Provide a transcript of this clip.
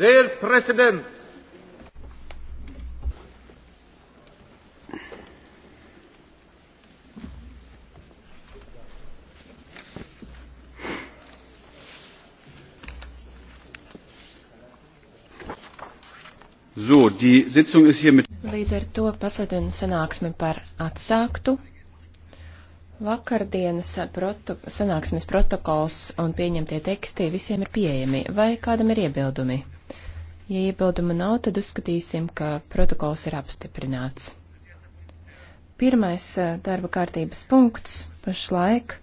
Dear President, So, die Sitzung ist hiermit. Līdz ar to pasludinu sanāksmi par atsāktu. Vakardienas proto sanāksmes protokols un pieņemtie teksti visiem ir pieejami. Vai kādam ir iebildumi? Ja iebilduma nav, tad uzskatīsim, ka protokols ir apstiprināts. Pirmais eh, darba kārtības punkts pašlaik